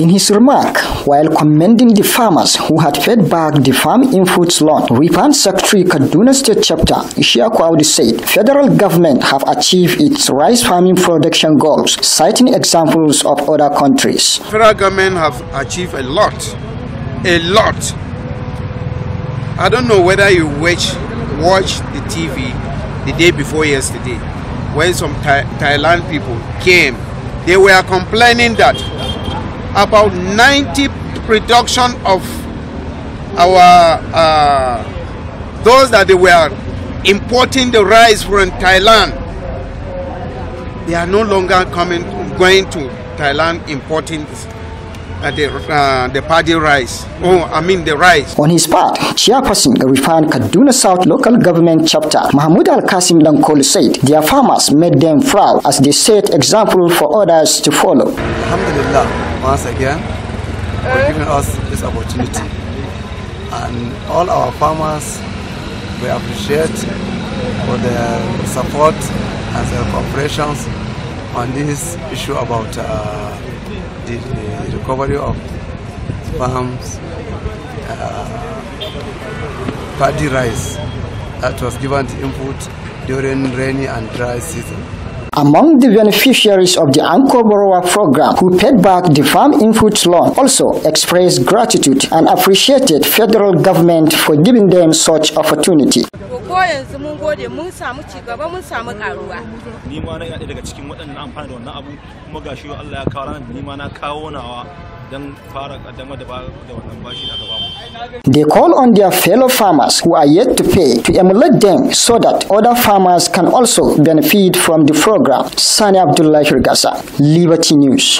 In his remark, while commending the farmers who had fed back the farm inputs loan, Repan Secretary Kaduna State Chapter Ishiaku Audi said federal government have achieved its rice farming production goals, citing examples of other countries. Federal government have achieved a lot, a lot. I don't know whether you watch, watch the TV the day before yesterday when some Thailand people came. They were complaining that about 90 reduction of our uh, those that they were importing the rice from Thailand. They are no longer coming going to Thailand importing this, uh, the, uh, the paddy rice. Oh, I mean the rice. On his part, Chairperson Garifan Kaduna South Local Government Chapter, Mahmoud Al Qasim Dankol said their farmers made them proud as they set example for others to follow. Alhamdulillah once again for eh? giving us this opportunity. and all our farmers, we appreciate for their support and their cooperation on this issue about uh, the, the, recovery of farms, uh, paddy rice that was given to input during rainy and dry season among the beneficiaries of the Anchor Borrower Program who paid back the farm input loan also expressed gratitude and appreciated federal government for giving them such opportunity. daga cikin waɗannan wannan abu kuma gashi Allah ya kawo na kawo nawa they call on their fellow farmers who are yet to pay to emulate them so that other farmers can also benefit from the program. Sani Abdullah Hirgasa, Liberty News.